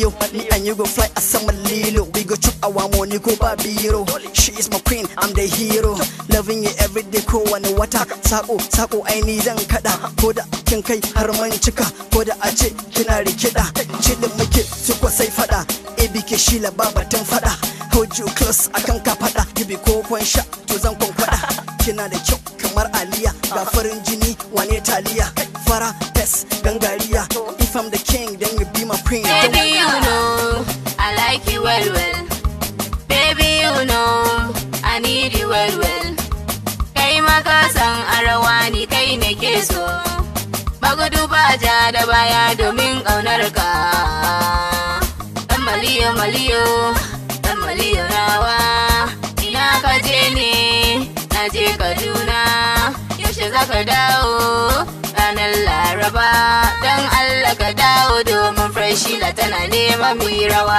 yau Me and you go fly a summer lilo We go chop our money go babiro She is my queen, I'm the hero Loving you every day ko wani wata Sako, sako ai ni zan kada Ko da kin kai har man cika Ko da a ce kina rikida Chilin muke su kwa sai fada Ebike shi la fada Hold you close akan ka fada Gibi ko kwan sha to zan kwan Kina da kyau kamar aliya Ga farin jini wane taliya Fara fes gangariya If I'm the king well well baby you know I need you well well kai makasan arawa ni kai ke so magudu ba ja da baya domin ƙaunar ka maliyo maliyo dan maliyo rawa ina ka je ne na je kaduna yaushe za ka dawo ranar laraba don allah ka dawo domin freshila tana neman mu rawa